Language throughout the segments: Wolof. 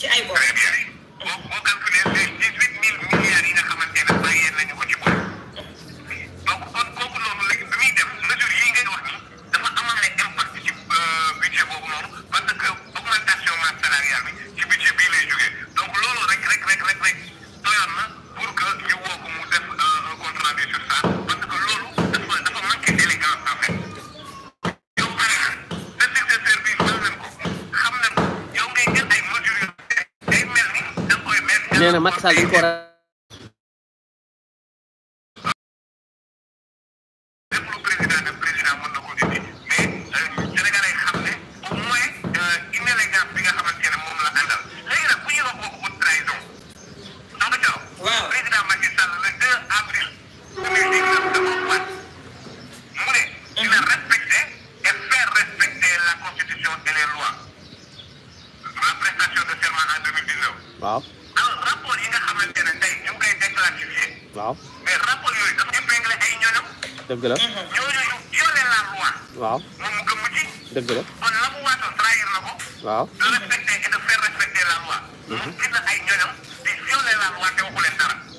你爱我。casa encorajada.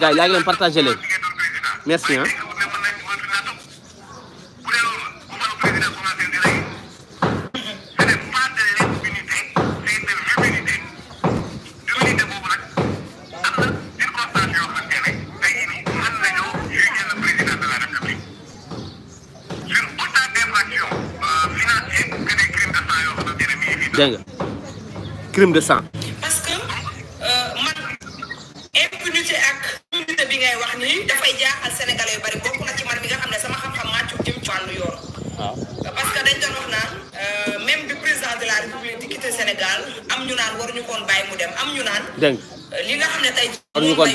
gars yi yaa ngi leen partagé leen merci ah. dégg nga crime de sang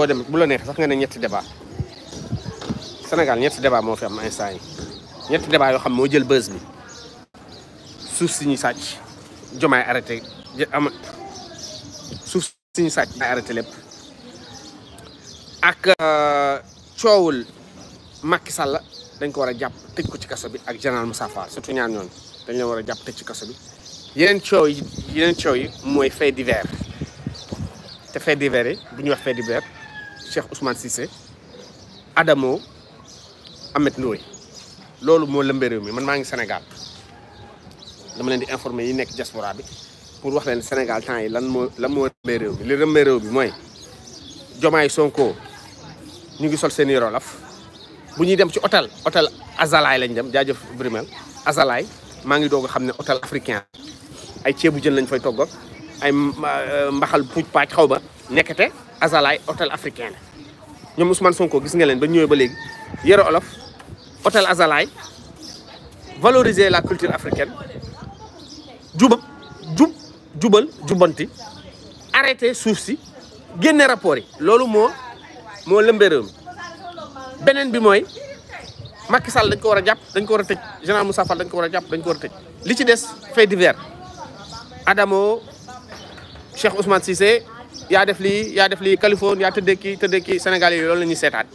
foo dem bu la neex sax nga ne ñetti débat Sénégal ñetti débat moo fi am instant yi ñetti débat yoo xam moo jël bës bi suuf si ñuy sàcc jomaay arrêté am suuf si lépp ak euh, coowul Macky Sall dañ ko war a jàpp tëj ko ci kaso bi ak général Moussa Fall surtout ñaar ñoon dañ leen war a jàpp tëj ci kaso bi yeneen coow yi yi mooy fait divers te fait divers yi bu ñu wax fait divers Cheikh Ousmane sise Adamo Ahmed Ndoye loolu moo lëmbee réew mi man maa ngi Sénégal dama leen di informer yi nekk diaspora bi pour wax leen Sénégal temps yi lan moo lan moo lëmbee réew mi li lëmbee réew bi mooy Jomaay Sonko ñu ngi sol seen i bu ñuy dem ci hôtel hôtel Azalaay lañ dem jaajëf Brimel Azalaay maa ngi doog xam ne hôtel africain ay ceebu jën lañ fay togg ay euh, mbaxal puuj paaj xaw ba nekkate azalaay hôtel africain la ñoom Ousmane Sonko gis nga leen ba ñëwee ba léegi yore olof hôtel azalay valoriser la culture africaine juba jub jubal jubanti suuf si génne rapport yi loolu moo moo lëmbee mi beneen bi mooy Macky Sall dañ ko war a jàpp dañ ko war a tëj général Moussa Fall dañ ko war a jàpp dañ ko war li ci des fait divers Adamo Cheikh Ousmane Cissé ya def li ya def li Californie ya tëddee ki tëddee ki Sénégal yi loolu la ñuy seetaat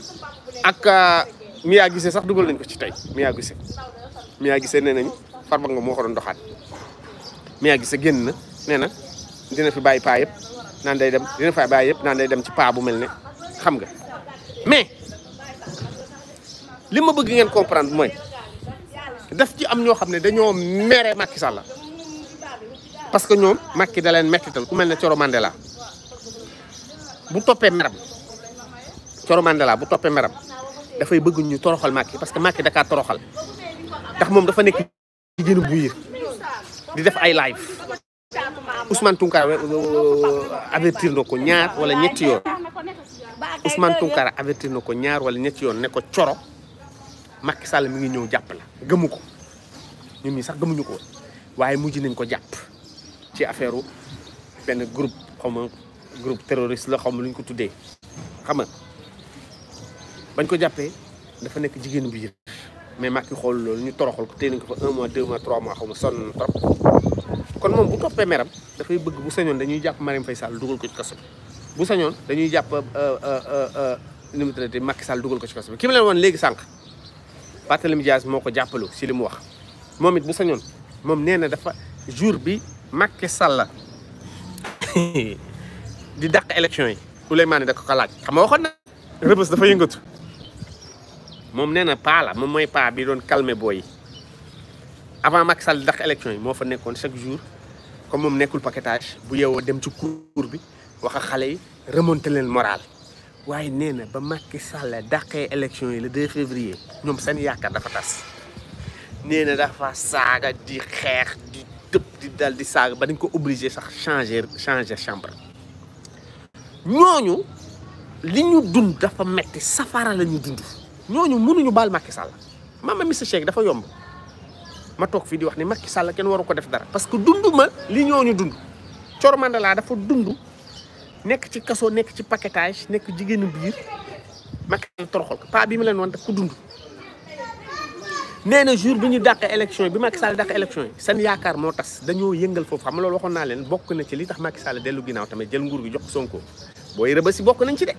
ak euh, Mia gissé sax dugal nañ ko ci tey Mia gissé Mia Guissé nee nañ Farba nga mo ko doon doxaat Mia Guissé génn na nee dina fi baye paa yëpp naan day dem dina fa baye nan day dem ci pa bu xam nga mais lima bëgg ngeen comprendre moy daf ci am ño xam dañoo méré Macky Sall parce que ñoom Macky da leen mettital ku mel ne Coro Mandela bu toppee meram Coro Mandela bu toppee meram dafay bëgg ñu toroxal màkki parce que màkki da toroxal ndax moom dafa nekk jigéenu buyir di def ay live euh, Ousmane Tounkara avertir na ko ñaar wala ñetti yoon Ousmane Tounkara na ko ñaar wala ñetti yoon ne ko Coro Macky Sall mu ngi ñëw jàpp la gëmu ko ñun ñi sax gëmuñu ko waaye mujj nañ ko jàpp. ci affaire benn groupe xaw ma groupe terroriste la xaw ma lu ko tuddee xam bañ ko jàppee dafa nekk jigéenu biir mais Macky xool loolu ñu toroxal ko téye nañ ko fa un mois deux mois trois mois xaw ma sonn na trop kon moom bu dafay bëgg bu sañoon dañuy jàpp Marème Faye Sall dugal ko ci kaso bi bu sañoon dañuy jàpp euh, euh, euh, nu mu tuddati Macky Sall dugal ko ci kaso bi ki leen woon léegi sànq Barthélémy Dias moo ko jàppalu si li mu wax moom it bu sañoon moom nee dafa jour bi Macky Sall di élection yi Souleymane da ko ko laaj xam nga na dafa na la mom moy pa bi doon calmer boy avant Macky Sall je yi fa chaque jour comme pas nekkul paquetage bu dem ci cour bi yi moral waaye nee ba Macky Sall dàqee élection yi le 2 février ñoom seen yaakaar dafa dafa di di tëb di dal di saaga ba dañ ko obligé sax changer changer chambre ñooñu li ñu dund dafa metti safara la ñu dund ñooñu mënuñu baal makki Sall mama miss Shake dafa yomb ma toog fii di wax ne Macky Sall kenn waru ko def dara parce que dund ma li ñooñu dund Coro laa dafa dund nekk ci kaso nekk ci paquetage nekk jigéenu biir Macky Sall toroxal ko pa bi leen woon daf ko dund nee na jour bi ñu dàqee élection yi bi Macky Sall dàqee élection yi seen yaakaar moo tas dañoo yëngal foofu xam nga loolu waxoon naa leen bokk na ci li tax Macky Sall dellu ginnaaw tamit jël nguur gi jox Sonko booy rëba si bokk nañ ci de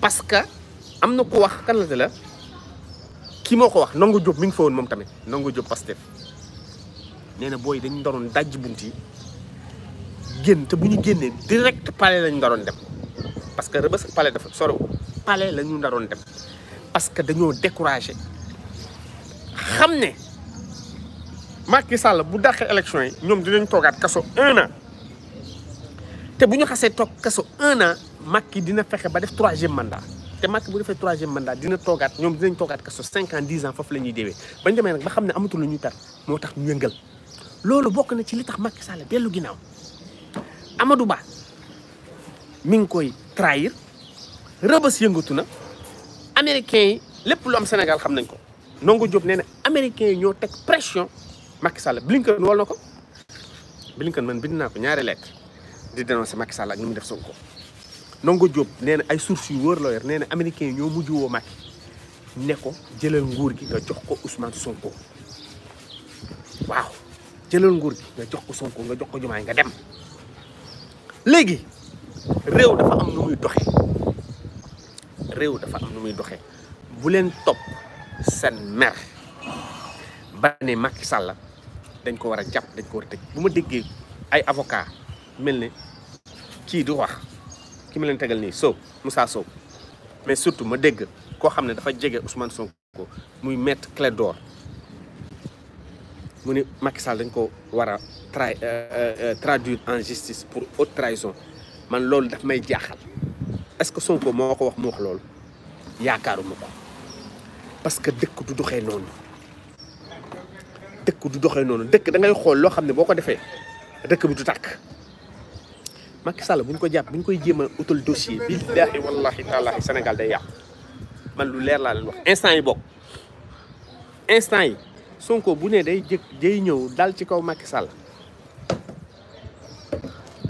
parce que am na ku wax kan la te kii moo ko wax Ndongo Diop mi ngi fa woon moom tamit Ndongo Diop Pastef nee na booy dañu ndoroon dajj bunt yi génn te bu ñu génnee direct palais lañu ndaroon dem parce que rëbës pale dafa sorow palais la ñu ndaroon dem parce que dañoo découragé xam ne Macky Sall bu dàqee élection yi ñoom dinañ toogaat kaso un an te bu ñu xasee toog kaso un an Macky dina fexe ba def troisième mandat te Macky bu defee troisième mandat dina toogaat ñoom dinañ toogaat kaso cinq ans dix ans foofu la ñuy déwee ba demee nag ba xam ne amatul lu ñuy moo tax ñu yëngal loolu bokk na ci li tax Macky Sall dellu ginnaaw Amadou Ba mi ngi koy trahir rëbës yëngatu na américains yi lépp lu am Sénégal xam nañ ko Ndongo job nee américain américains ñoo pression Macky Sall Blinken wol nako Blinken man bind naa ko ñaari lek di dénoncer Macky Sall ak ni def Sonko Ndongo job nee ay source yu wër lawyer yor nee na américains yi ñoo mujj woo Macky ne ko jëlal nguur gi nga jox ko Ousmane Sonko waaw jëlal nguur gi nga jox ko Sonko nga jox ko jumaay nga dem légui rew dafa am nu muy doxé rew dafa am nu muy doxé bu len top seen mer ba ne Macky la dañ ko war a jàpp dañ ko war a tëj bu ma déggee ay avocat mel ni kii du wax ki ma leen tegal nii soow Moussa soow mais surtout ma dégg koo xam ne dafa jege Ousmane Sonko muy mett maître Clédor mu ni Macky Sall dañ ko war a tra euh, euh, euh, traduire en justice pour haute trahison man loolu daf may jaaxal est-ce que Sonko moo ko wax mu wax loolu yaakaaruma ko parce que dëkk du doxee noonu dëkk du noonu dëkk da ngay xool loo xam ne boo ko defee dëkk bi du tàkk Macky Sall buñ ko jàpp bu koy jéem a utal dossier billaahi wallaahi taalaahi senegal day yàqu man lu leer laa leen wax instant yi bokk instant yi Sonko bu ne day jëkk day ñëw dal ci kaw Macky Sall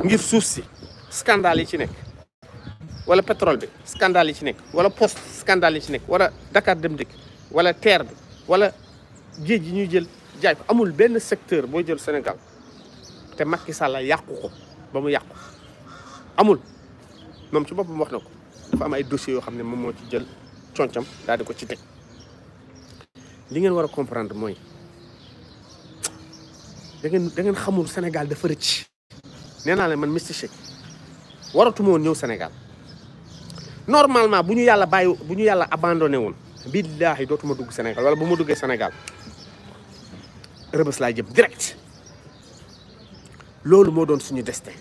ngir suuf si scandale yi ci nekk wala pétrole bi scandale yi ci nekk wala poste scandale yi ci nekk wala Dakar dem dikk wala terre bi wala géej gi ñuy jël jaay ko amul benn secteur booy jël Sénégal te Macky Sall yàqu ko ba mu yàqu amul moom ci boppam wax na ko dafa am ay dossiers yoo xam ne moom moo ci jël concam daal di ko ci teg li ngeen war a comprendre mooy da ngeen da xamul Sénégal dafa rëcc nee naa leen man Mister waratumoo waratuma woon ñëw Sénégal normalement buñu yalla bayu, buñu yalla abandoné yàlla billahi dotuma dugg Sénégal wala buma duggé Sénégal rëbës jëm direct loolu mo doon suñu destin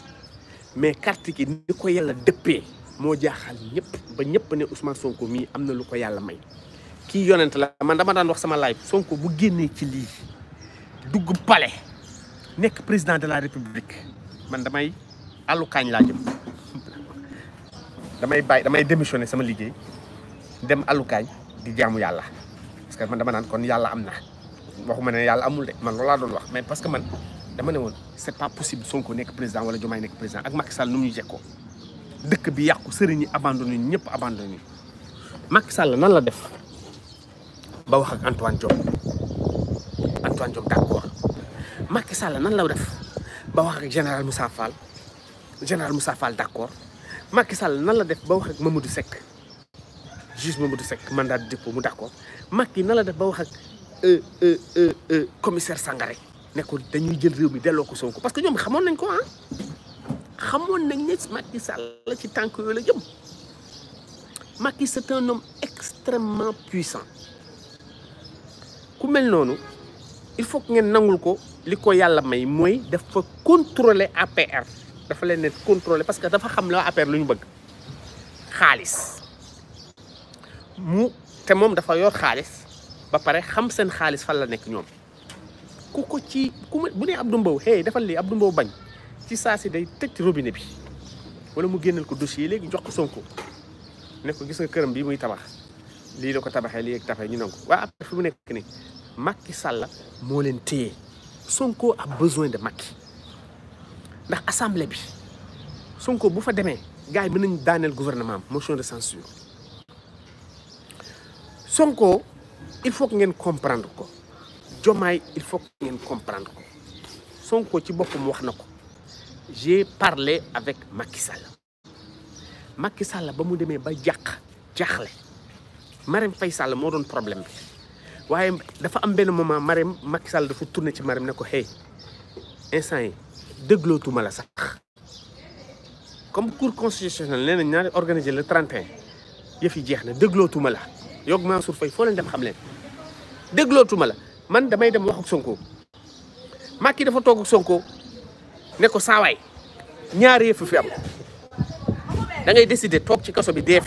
mais carte ki ni ko yàlla dëppee moo jaaxal ñëpp ba ñëpp né Ousmane Sonko mi amna lu ko may ki yonent la man dama daan wax sama live Sonko bu génné ci li dugg palais nek président de la république man damay àllukaañ la jëm damay bay damay démissioner sama liggéey dem alukay di jamu yalla parce que man dama nan kon yalla amna waxuma ne yalla amul de man lola doon wax mais parce que man dama ne won c'est pas possible Sonko nek président wala jomay nek président ak Macky Sall nu mu ñu bi yakku serigne abandonné ñepp abandonné Macky Sall nan la def ba wax ak Antoine Diop Antoine Diop d'accord Macky Sall nan la def ba wax ak général Moussa Fall général Moussa Fall d'accord Macky Sall nan la def ba wax ak Mamadou Seck juste Mamadou Seck mandat de dépôt mu d'accord ko Macky nan la def ba wax ak euh, euh, euh, commissaire Sangaré ne ko dañuy jël réew mi delloo ko Sonko parce que ñom xamone nañ ko ah xamone nañ ne Macky Sall la ci tank yooyu la jëm Macky c'est un homme extrêmement puissant ku mel noonu il faut que ngeen nangul ko liko yalla may moy mooy fa contrôler APR dafa leen ne contrôler parce que dafa xam la affaire lu ñu bëgg xaalis mu te moom dafa yor xaalis ba pare xam seen xaalis fan la nekk ñoom ku ko ci ku bu ne ab du mbaw hey defal lii Abdou Mbow bañ ci saa si day tëj robine bi wala mu génneel ko dossier léegi jox ko Sonko ne ko gis nga këram bi muy tabax lii la ko tabaxee lii ak tabaxee ñu nangu waa après fi mu nekk nii Macky Sall moo leen téye Sonko a besoin de Macky. ndax assemblée bi Sonko bu fa demee gars yi mën nañu daaneel gouvernement motion de censure Sonko il faut que ngeen comprendre ko Diomaye il faut que ngeen comprendre ko Sonko ci boppam wax na ko j'ai parlé avec Macky Sall Macky Sall ba mu demee ba jàq jaaxle Marème Fay Sall moo doon problème bi waaye dafa am benn moment Marème Macky Sall dafa tourné ci Marème ne ko hey instant yi déglootuma la sax comme cour constitutionnelle nee nañ organiser le 31 yëf yi jeex na déglootuma la yoog Mansour fay fo leen dem xam leen déglootuma la man damay dem wax ak Sonko Macky dafa toog ak Sonko ne ko saawaay ñaari yëf fi am da ngay décider tok ci kasso bi dee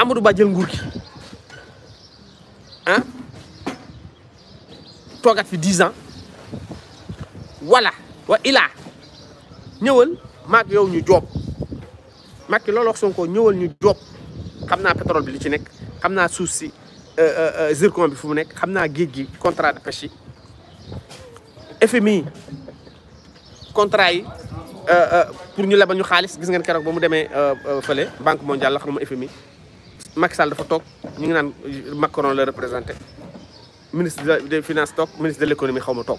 Amadou Ba jël nguur ki hein ah? togat fi 10 ans wala wa ila ñëwal maag yow ñu job Macky lool wax Sonko ñëwal ñu job xamna pétrole bi li ci nek xamna souci euh, euh euh zircon bi fu mu nek xamna naa gi contrat de pêche yi FMI contrat yi euh euh pour ñu lebal ñu xaliss gis ngeen kérok ba mu démé euh feulé banque mondiale la xam ma FMI Macky Sall dafa tok ñu ngi naan Macron la représenter ministre des finances tok ministre de l'économie économie tok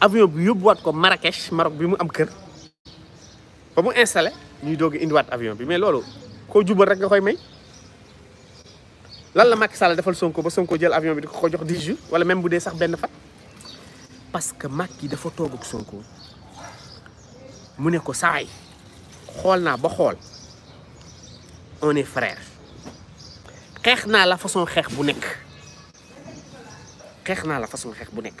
avion bi yóbbuwaat ko Marrakech Maroc bi mu am kër ba mu installé ñuy doog wat avion bi mais loolu koo jubal rek nga koy may lan la Macky Sall defal Sonko ba Sonko jël avion bi di ko jox 10 jours wala même bu dee sax benn fat parce que Macky dafa toog ak Sonko mu ne ko saay xool naa ba xool on est frère xeex naa la façon xeex bu nekk xeex naa la façon xeex bu nekk.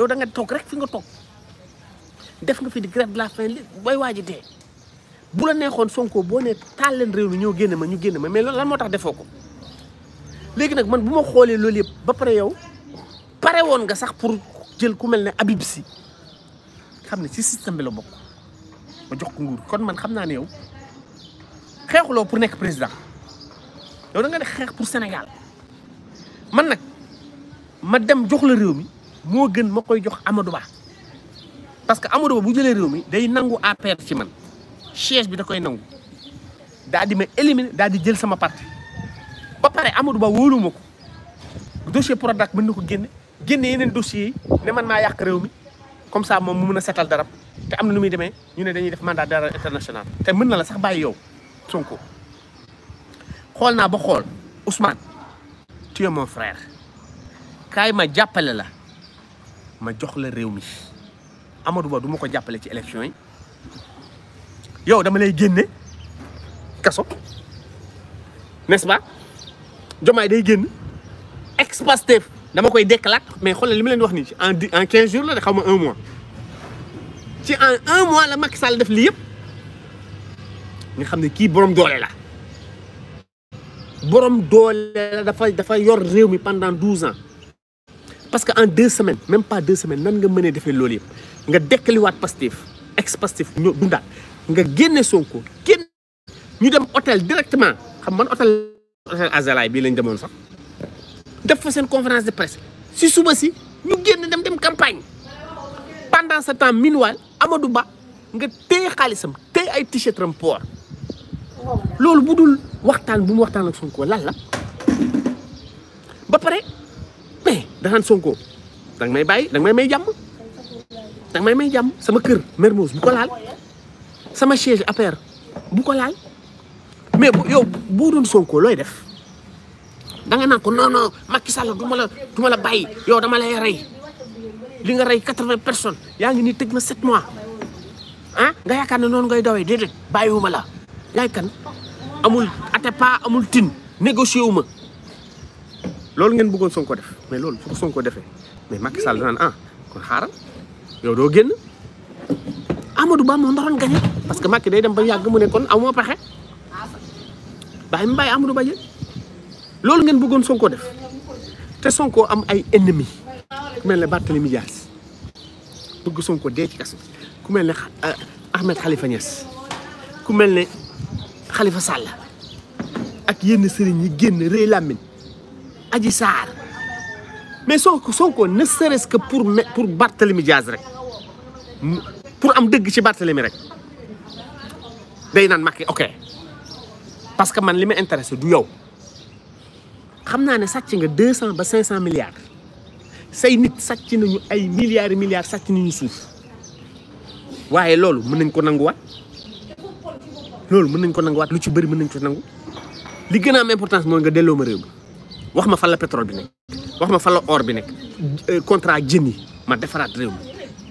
yow da nga toog rek fi nga toog def nga fi di grève de la faim li booy waaji dee bu la neexoon Sonko boo nee taal leen réew mi ñëw génne ma ñu génn ma mais lan moo tax defoo ko léegi nag man bu ma xoolee loolu yëpp ba pare yow pare woon nga sax pour jël ku mel ne Habib Sy xam ne ci système la bokk ma jox ko nguur kon man xam naa ne yow xeexuloo pour nekk président yow da nga ne xeex pour Sénégal man nag ma dem jox la réew mi. moo gën ma koy jox Amadou Ba parce que Amadou bu jëlee réew mi day nangu APR ci man siège bi da koy nangu daal di ma éliminer daal di jël sama parti ba pare Amadou Ba wóolu ma ko dossier Prodac mën na ko génne génne yeneen dossiers yi ne man maa yàq réew mi comme ça moom mu mën a setal darab te am na nu muy demee ñu ne dañuy def mandat d'arrêt international te mën na la sax bàyyi yow Sonko xool naa ba xool Ousmane tu es mon frère kaay ma jàppale la ma jox la réew mi Amadou Ba Je suis ci élection yi yow dama lay n'est-ce pas Je day génn ex-Pastef dama koy mais je li ma wax en 15 jours la de mois ci en un mois la Macky Sall def li yépp nga xamné ne borom doolé la borom doolé la dafa pendant 12 ans parce que en deux semaines même pas deux semaines nan nga mënee defee loolu yëpp nga dekkaliwaat pastif, ex Pastef ñoo dundaat nga génne Sonko génn ñu dem hôtel directement xam man hôtel hôtel Azalaï bii lañ demoon sax def fa seen conférence de presse si suba si ñu génn dem dem campagne pendant ce temps minuwaal Amadou Ba nga téye xaalisam téye ay t-shirtam port loolu bu dul waxtaan bu mu waxtaan ak Sonko lan la ba pare danaan Sonko danga may bàyyi danga may may jàmm danga may jàmm sama kër Mermoz bu laal sama siège APR bu ko laal mais yow boo doon looy def da nga naan ko non non Macky la du yow dama lay rey li nga rey quatre-vingts personnes yaa ngi ni tëj ma sept mois ah nga yaakaar ne noonu ngay dawee déedéet bàyyiwu ma la yaay kan amul Atepa amul Tine négocié wu ma lol ngeen bëggoon ko def mais fuk son ko defé mais Macky Sall danaan ah kon xaram yow do genn Amadou Ba mo ndaroon gagné parce que Macky day dem ba yàgg mu ne kon amoo pexe bàyyi mu Amadou Ba jël loolu ngeen bëggoon ko def son ko am ay ennemi ku melni Barthélemy Dias bëgg ko dé ci kaso ku melni eh, Ahmed Khalifa Niass ku melni Khalifa Sall ak yenn serigne yi genn rëy lamine Adji Sarr mais soo Sonko ne serait-ce que pour pour Barthélemy Diaz rek pour am dëgg ci Barthélemy rek day naan Macky ok parce que man li ma intéressé du yow xam naa ne sàcc nga deux cent ba cinq cent milliards say nit sàcc nañu ay milliards milliards sàcc nañu suuf waaye loolu mën nañ ko nanguwaat loolu mën nañ ko nanguwaat lu ci bëri mën nañ ko nangu li gën a am importance mooy nga delloo ma réew waxuma fa la pétrole bi nek waxuma fa la or bi nek contrat jeni ma défarat réew mi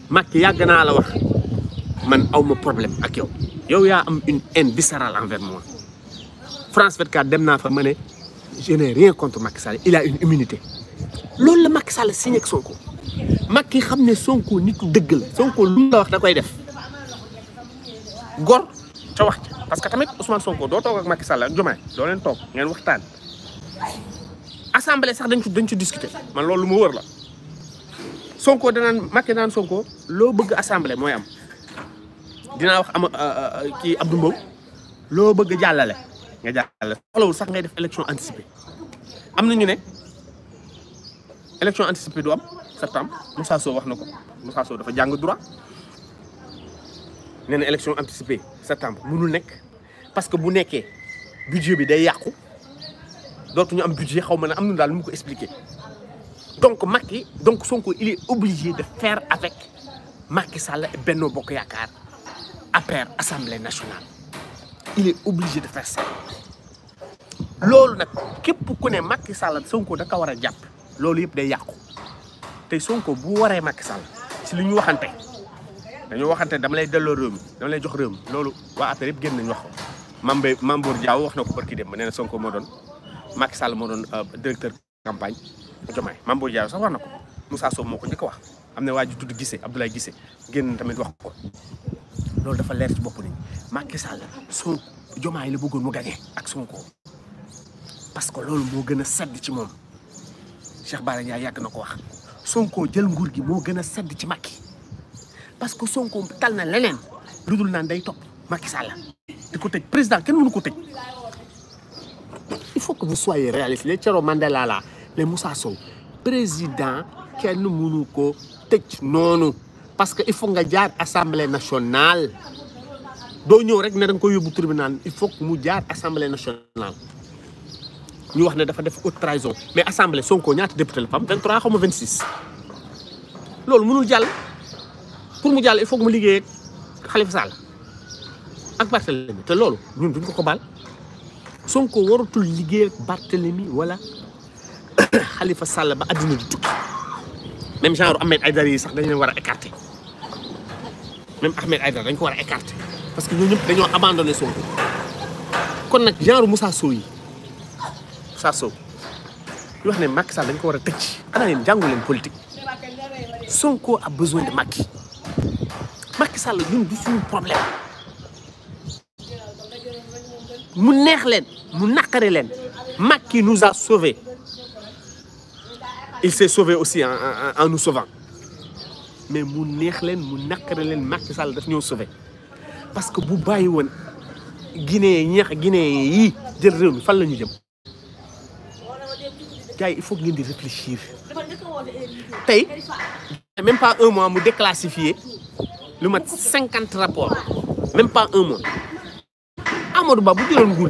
Macky yàgg naa la wax man awma problème ak yow yow ya am une haine viscérale envers moi France 24 dem naa fa mané je n'ai rien contre Macky Sall il a une immunité lool la Macky Sall signé ak Sonko Macky xamné ne Sonko nit deug la Sonko lu la wax da koy def gor ca wax parce que tamit Ousmane Sonko do tok ak Macky Sall ak Diomaye do len tok ngén waxtaan. assemblée sax dañ ci dañ ci discuter man loolu mu wër la sonko nan maké nan sonko lo bëgg assemblée moy am dina wax am euh, euh, ki Abdou Mbow lo bëgg jallalé nga jallalé soxlawul sax ngay def élection anticipée am na ñu né élection anticipée du am septembre Moussa Sow wax nako Moussa Sow dafa jang droit nee na élection anticipée septembre mënul nek parce que bu nekkee budget bi day yàqu dootuñu am budget xaw ma ne am na daal nu mu ko expliquer donc Macky donc Sonko il est obligé de faire avec Macky Sall et Benno Bokk à après assemblée nationale il est obligé de faire ça. loolu nag képp ku ne Macky Sall Sonko da ko war a jàpp loolu yëpp day yàqu tey Sonko bu waree Macky Sall si li ñu waxante dañoo waxante dama lay delloo réew mi dama lay jox réew mi loolu waa affaire yëpp génn nañu wax ko Mame Mame Bour Diao wax na ko barki dem ba Sonko moo doon. Macky Sall moo doon euh, directeur campagne Diomaye Mame Boye Diao sax wax na ko Moussa Sow moo ko njëkk wax am na waa ji tudd Gissé Abdoulaye Gissé génn tamit wax ko loolu dafa leer ci bopp nañ Macky Sall Sonko Diomaye la bëggoon mu gañee ak Sonko parce que loolu moo gën a sedd ci moom Cheikh Bara Ndiaye yàgg na ko wax Sonko jël nguur gi moo gën a sedd ci Macky parce que Sonko tal na leneen lu dul naan day topp Macky Sall di ko tëj président kenn mënu faut que vous soyez réaliste les Thioro Mandela la les Moussa Sow président kenn mënu Tech tëj parce que il faut nga jaar assemblée nationale doo ñëw rek ne da nga koy yóbbu tribunal il faut que mu jaar assemblée nationale ñu wax ne dafa def haute trahison mais assemblée Sonko ñaata député la fam 23 xaw ma 26 loolu mënul jàll pour mu il faut que mu avec ak Khalifa Sall ak Barthélémy te loolu ñun duñ ko ko Sonko waratul liggéey ak Barthélemy wala Khalifa Sall ba àddina di tukki même genre Ahmed Aïdara yi sax dañ leen wara écarter même Ahmed Aïdara dañ ko wara écarter parce que ñooñu ñep dañoo abandonner Sonko kon nak genre Moussa Sow yi Moussa Sow yu wax ne Macky Sall dañ ko wara a tëj ana leen jàngu leen politique Sonko a besoin de Macky Macky Sall ñun du suñu problème mu neex leen mu naqari leen Macky nous a sauvés il s'est sauvé aussi en nous sauvant mais mu neex leen mu naqari leen Macky Sall daf sauvé parce que bu bàyyi Guinée ñax Guinée yi jël réew mi fan la jëm gars il faut que di réfléchir même pas un mois mu déclassifié lu mat cinquante rapports même pas un mois Amadou Ba bu jëloon nguur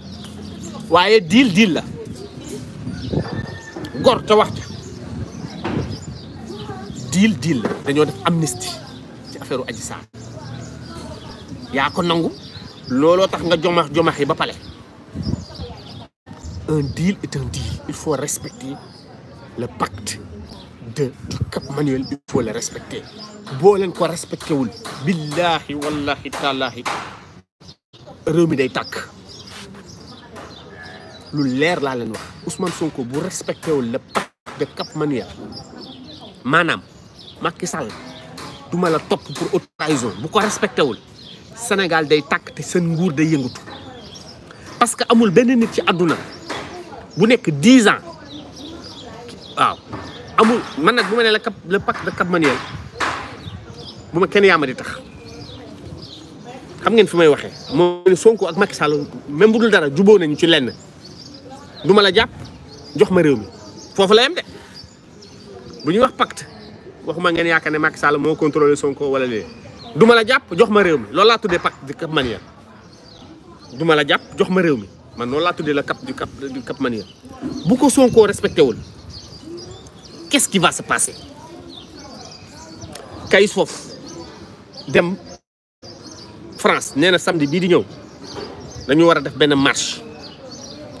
waaye diil diil la gor te wax diil diil la dañoo def amnistie ci affaire Adji Sarr yaa ko nangu looloo tax nga jomax jomax yi ba pale un deal est un deal il faut respecter le pacte de du Cap Manuel il faut le respecter boo leen ko respecté wul billaahi wallaahi taalaahi réew mi day takk lu leer laa leen wax Ousmane Sonko bu respecté wul le pacte de Cap Manuel maanaam Macky Sall du ma la topp pour haute trahison bu ko respecté wul Sénégal day tàkk te seen nguur day yëngatu parce que amul benn nit ci àdduna bu nekk dix ans waaw amul man nag bu ma ne la cap le pacte de Cap Manuel bu ma kenn yaama di tax xam ngeen fi may waxee moo ne Sonko ak Macky Sall même bu dara juboo nañu ci lenn duma la japp jox ma réew mi foofu la yem de buñu wax pacte waxuma ngeen yaakaar ne Macky Sall moo contrôler Sonko wala léegi duma la japp jox ma réew mi loolu laa tuddee pacte du Cap manière duma la japp jox ma réew mi man noonu laa tuddee la cap du cap du Cap manière bu ko Sonko respecté wul qu'est-ce qui va se passer kay foofu dem France nee na samedi bii di ñëw dañu war a def benn marche.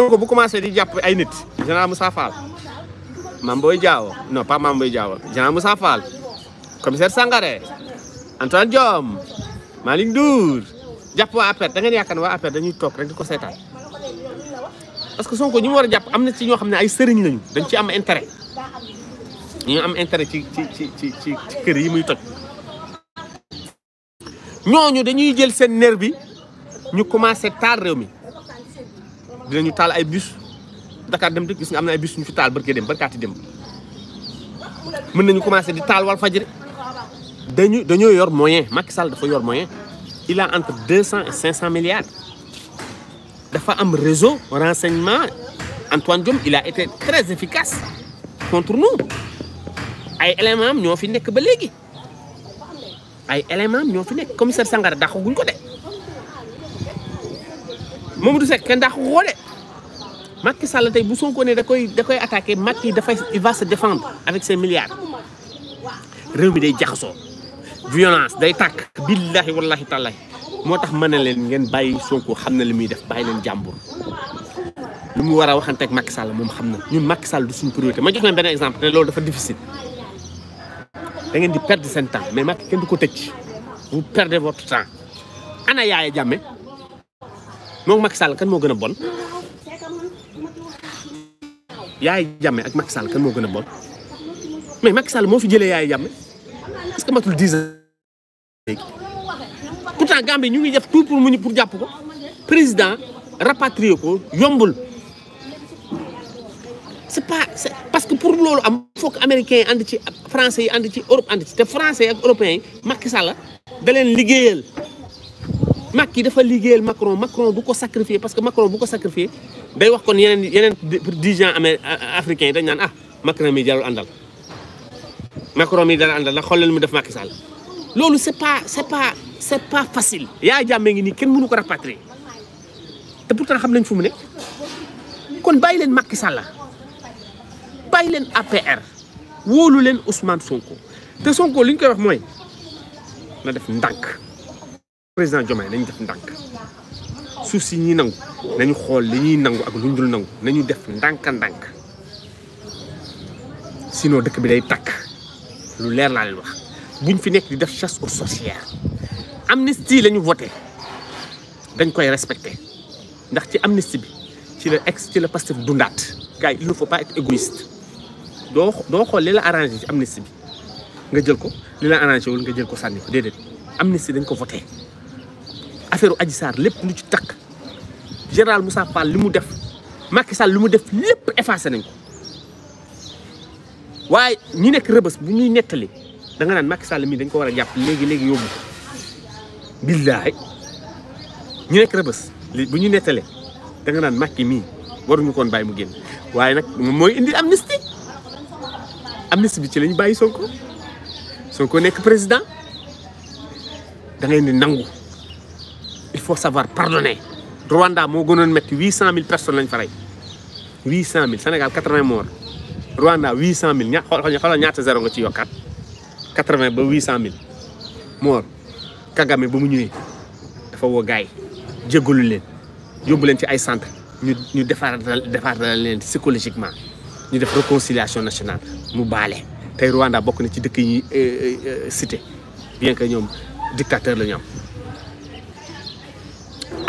Sonko bu commencé di japp ay nit général Moussa Fall Mame Boye Diao non pas Mame Boye Diao général Moussa Fall commissaire Sangaré Antoine Diome Malick Ndour japp wa APR da ngeen yakkan ne waa dañuy tok rek diko ko parce que Sonko ñu wara japp amna am ci ño xam ne ay sëriñ lañu dañ ci am intérêt ñu am intérêt ci ci ci ci ci kër yi muy tok ñoñu dañuy jël sen nerf bi ñu commencé tar rew mi. dinañu taal ay bus Dakar dem dëkk gis nga am na ay bus ñu fi taal barké dem barkaati dem mën nañu commencé di taal wal Walfadjri dañu dañoo yor moyen Macky Sall dafa yor moyen il a entre 200 et 500 milliards dafa am réseau renseignement Antoine Diom il a été très efficace contre nous ay éléments am ñoo fi nekk ba léegi ay éléments am ñoo fi nekk commissaire Sangara dàqaguñ ko de. Mamadou Seck kenn daax ko Macky Sall tay bu Sonko ne da koy da koy attaquer Macky da fay il va se défendre avec ses milliards réew bi day jaxasoo violence day tak billahi wallahi tallahi motax tax ngeen bayyi Sonko xamna na def bàyyi leen jàmbur lu mu war waxante ak Macky Sall mom xamna ñun Macky Sall du suñu priorité ma jox leen ben exemple te loolu dafa difficile da ngeen di perdre sen temps mais Macky kenn du ko tëj vous perdez votre temps ana yaaya Jammeh Macky Sall kan bon Yamé ak Macky Sall kan Mais bon mais Macky Sall moo fi jëlee Yamé Est-ce que matul pourtant Gambie ñu ngi def tout pour Le pour diapo. président rapatrié ko c'est pas parce que pour nous, américains français Europe français européens Macky Sall Macky dafa liguel Macron Macron bu ko sacrifié parce que Macron bu ko sacrifier day wax kon yeneen yeneen dirigeants africains africain dañ naan ah Macron mi jarul andal Macron mi dara andal la xolal leen mu def Macky Sall loolu c'est pas c'est pas c'est pas facile ya jàmmee ngi ni ken mënu ko rapatrier te pourtant xam nañ fu mu nekk kon bàyyi leen Macky Sall bàyyi APR wóolu leen Ousmane Sonko te Sonko liñ koy wax moy na def ndank président Diomaye nañu def ndànk suuf si ñuy nangu nañu xool li ñuy nangu ak lu ñu dul nangu nañu def ndànk-ndànk sinon dëkk bi day takk lu leer laa leen wax buñ fi nekk di def chasse aux sorcières amnistie la ñu voté dañ koy respecté ndax ci amnistie bi ci la ex ci la Pastef dundaat gars yi il ne faut pas être doo doo xool li la arrangé ci amnistie bi nga jël ko li la arrangé wul nga jël ko sànni ko déedéet amnistie dañ ko voté affaire Adji Sarr lépp lu ci takk général Moussa Fall li mu def makki Sall lu mu def lépp effacé nañ ko waaye ñu nekk rëbës bu ñuy nettali da nga naan Macky mii dañ ko war a jàpp léegi léegi yóbbu ko. billaay ñu nekk bu ñu nettalee da naan Macky mii waruñu koon bàyyi mu génn waaye nag mooy indi amnistie amnistie bi ci lañ bàyyi Sonko Sonko nekk président da ngay ni nangu. il faut savoir pardonner Rwanda on a métti 800 000 personnes 800 000. Sénégal 80 morts Rwanda 800 000. 80, ña xoolal 800 morts Kagame ba mu ñëwee dafa woo gars yi ci ay centre ñu ñu fait faire, psychologiquement réconciliation nationale Nous Rwanda na euh, euh, euh, bien que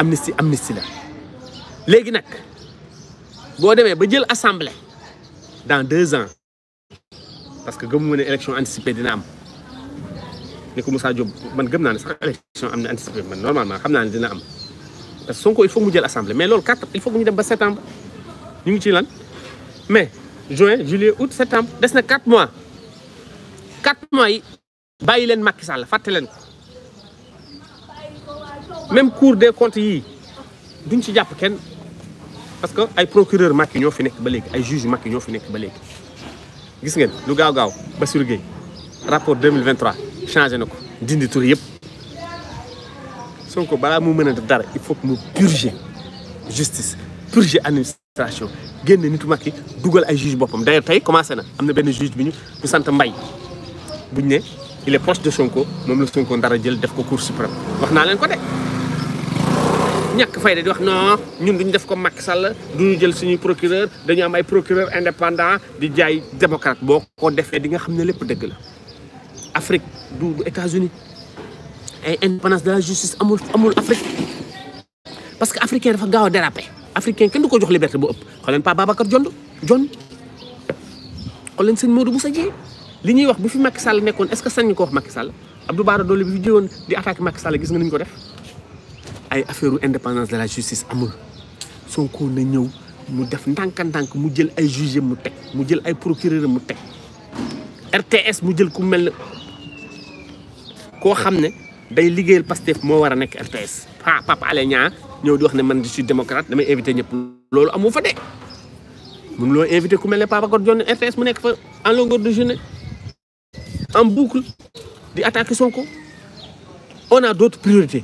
amnistie amnistie là. léegi nag boo demee ba jël assemblée dans deux ans parce que gëmou ne élection anticipée dina am né ko Moussa Diop man gëm na né sax élection am anticipée man normalement xamna né dina am parce que Sonko il faut mu jël assemblée mais lool quatre il faut que ñu dem ba septembre ñu ngi ci lan mais juin juillet août septembre des na quatre mois quatre mois yi bàyyi leen Macky Sall fàtte ko même cour des comptes yi duñ ci japp ken parce que ay procureur makki ñoo fi nekk ba légui ay juge makki ñoo fi nekk ba légui gis ngeen lu gaaw gaaw Bassirou Gueye rapport 2023 changé na dindi tour yëpp Sonko bala mu mën dara il faut que mu purger justice purger administration génn nitu makki dugal ay juge bopam d'ailleurs tay commencé na amna ben juge bi ñu bu sant Mbaye buñ né il est proche de Sonko mom la Sonko dara jël def ko cour suprême wax na len ko de ñàkk fayda di wax non ñun duñu def ko Macky Sall duñu jël suñuy procureur dañu am ay procureur indépendant di jaay démocrate boo ko defee di nga xam ne lépp dëgg la Afrique du du États-Unis ay indépendance de la justice amul amul Afrique parce que africain dafa gaaw a dérapé africain kenn du ko jox liberté bu ëpp xool leen Pa Babacar Jond Jon xool leen sëñ Modou Moussa Dieng li ñuy wax bi fi Macky Sall nekkoon est ce que sañ ñu ko wax Macky Sall Abdou Bara di attaqué Macky Sall gis nga ni ko def ay affaire indépendance de la justice amul Sonko na ñëw mu def tank mu jël ay juge mu mu jël ay procureur mu RTS mu jël ku mel ko xamne day de Pastef mo wara nek RTS Papa, di wax ne man je suis démocrate dama invité ñep lolu amu fa nous ku Papa RTS mu fa en longueur de journée en boucle di attaquer Sonko on a d'autres priorités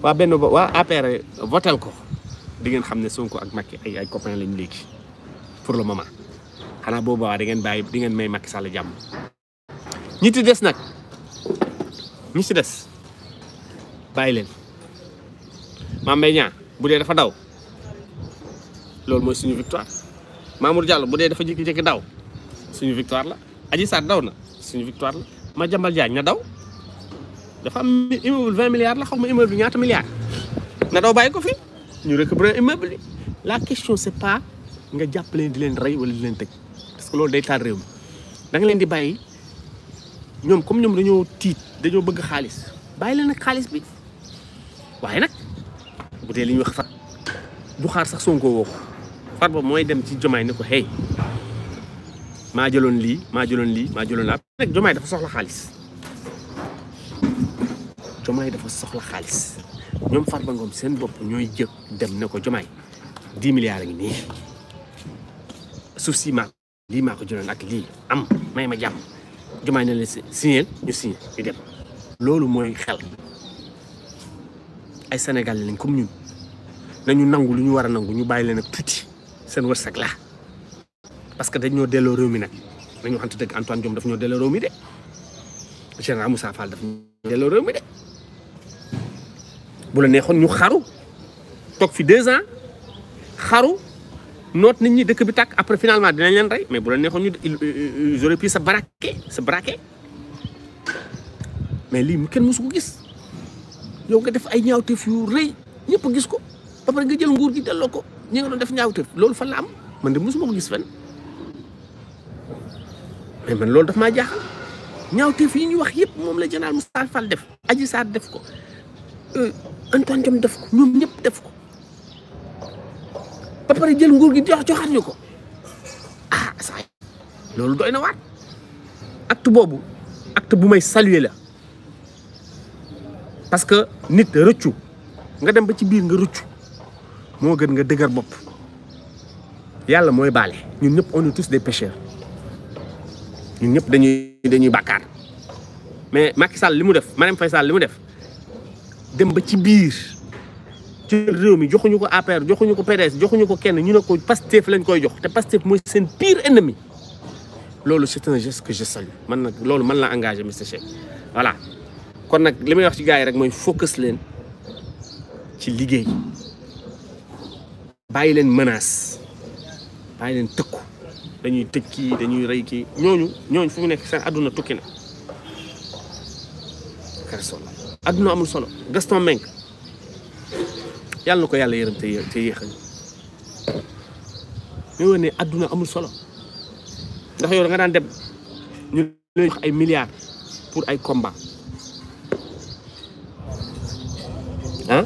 waa benn ba waa APR votel ko di ngeen xam ne Sonko ak Macky ay ay copains lañ léegi pour le moment xanaa boobu waa di ngeen bàyyi di ngeen may Macky Sall jàmm ñi ci des nag ñi ci des bàyyi leen Mame may Niang bu dee dafa daw loolu mooy suñu victoire Mamour jàll bu dee dafa jékki-jékki daw suñu victoire la Adji Sarr daw na suñu victoire la jambal jaañ na daw dafa am immeuble vingt milliards la xaw ma immeuble ñaata milliards na daw bàyyi ko fi ñu récupérer immeuble yi la question c'est pas nga jàpp leen di leen rey wala di leen tëj parce que loolu day taal réew mi da leen di bàyyi ñoom comme ñoom dañoo tiit dañoo bëgg xaalis bàyyi leen nag xaalis bi waaye nag bu dee li ñuy wax fat du xaar sax Sonko woo ko fat boobu mooy dem ci jomaay ne ko hey maa jëloon lii maa jëloon lii maa jëloon laa rek jomaay dafa soxla xaalis Jomaay dafa soxla xaalis ñoom Farba Ngom seen bopp ñooy jëg dem ne ko Jomaay dix milliards ngi nii suuf si maa lii maa ko jëloon ak lii am may ma jàmm Jomaay ne la ñu signé ñu dem. loolu mooy xel ay Sénégalais lañ comme ñun nañu nangu lu ñu war a nangu ñu bàyyi leen ak tuuti seen wërsëg la parce que dañ ñoo delloo réew mi nag nañu waxante dëgg Antoine Diome daf ñoo delloo réew mi de général Moussa Fall daf ñoo delloo réew mi de. bu la neexon ñu xaru tok fi 2 ans xaru not nit ñi dëkk bi tak après finalement dinañ leen ray mais bu la neexon ñu euh, j'aurais pu se braquer se braquer mais lii kenn musu ko gis yow nga def ay ñaawteef yu reuy ñepp gis ko ba pare nga jël nguur gi delloo ko ñi nga doon def ñaawteef loolu fa la am man de mosuma ko gis fen mais man loolu daf ma jaaxal ñaawteef yi ñu wax yépp moom la général Moussa Fall def aji sar def ko Euh, Antoine Diome def ko ñoom ñep def ko ba pare jël nguur gi jox ah sax loolu doy na acte boobu acte bu may saluer la parce que nit rëccu nga dem ba ci biir nga rëccu moo gën nga dëgër bopp yàlla mooy baale ñun ñëpp on est tous des pécheurs ñun ñëpp dañuy dañuy mais Macky Sall limu def Marème Faye Sall def dem ba ci biir ci réew mi joxuñu ko APR joxuñu ko PDS joxuñu ko kenn ñu ne ko Pastef lañ koy jox te Pastef mooy seen pire ennemi loolu c'est un geste que je salue man nag loolu man la engagé Mister Shake voilà kon nag li may wax ci gars yi rek mooy focus leen ci liggéey bàyyi leen menace bàyyi leen tëkku dañuy tëj kii dañuy rey kii ñooñu ñooñu fu mu nekk seen àdduna tukki na adduna amul solo Gaston Mbengue yàlla na ko yàlla yërëm te te yéexal ñu wax ne adduna amul solo ndax yow nga daan dem ñu lay wax ay milliards pour ay combat ah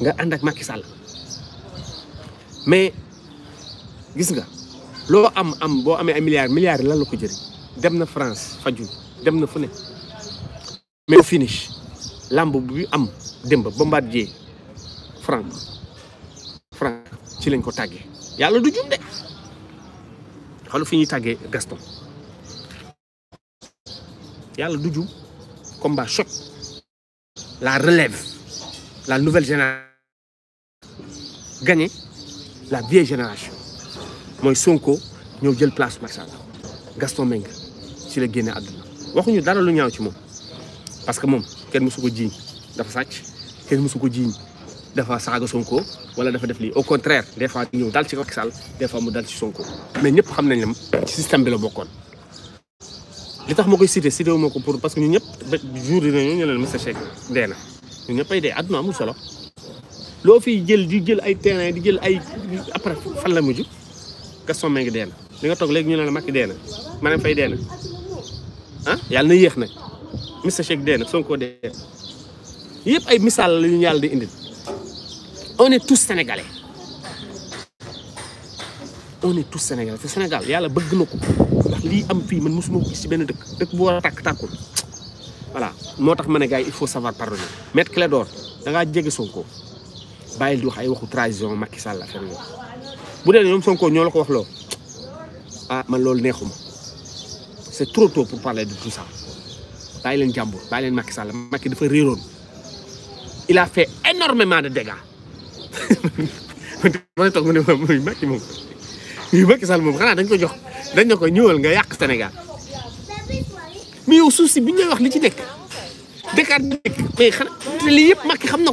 nga ànd ak Macky Sall mais gis nga loo am am boo amee ay milliards milliards lan la ko jëriñ dem na France faju dem na fu ne mais finish làmb am demba Bombardier Franc Franc ci lañ ko tàggee yalla du jum de xool fi ñuy Gaston yalla du combat choc la relève la nouvelle génération gagné la vieille génération moy Sonko ñeu jël place Macky Gaston meng ci la génne waxu ñu dara lu ñaaw ci mom parce que mom Ken musuko ko dafa sacc ken musuko ko dafa saga Sonko wala dafa def li au contraire des fois ñu dal ci Macky Sall des fois mu dal ci Sonko mais ñepp xam nañ ne ci système bi la bokkon li tax makoy cité cité ko pour parce que ñun ñepp jour dina ñu ñëlal monsieur cheikh dee na ñun ñëpp ay dé aduna amul solo lo fi jël di jël ay terrain di jël ay après fan la mujj Gaston Mbengue dee na li nga tok légui ñu ne la makki dee manam fay Faye han yalla na ah? yex nak Mister Shake dee Sonko dee Yep, ay misal la ñu yàlla di indil on est tous sénégalais on est tous sénégalais te Sénégal yalla bëgg nako. ko ndax lii am fi man mosuma ko ci ben dëkk dëkk bu wara tak takul. voilà motax mané ma il faut savoir pardonner maître Clédor da nga jege Sonko Bayil di wax ay waxu trahison Macky Sall affaire yooyu bu dé ñoom Sonko ñoo la ko wax lo. ah man lool neexuma c'est trop tôt pour parler de tout ça. bàyyi leen jàmbur bàyyi leen Macky Sall Macky dafa réeroon il a fait énormément de dégâts ma toog mu ne ma muy Macky moom muy Macky Sall moom xanaa dañ ko jox dañ ne ko nga yàq Sénégal mais yow suuf si bi ñuy wax li ci nekk Dakar nekk mais xanaa te lii yëpp Macky xam na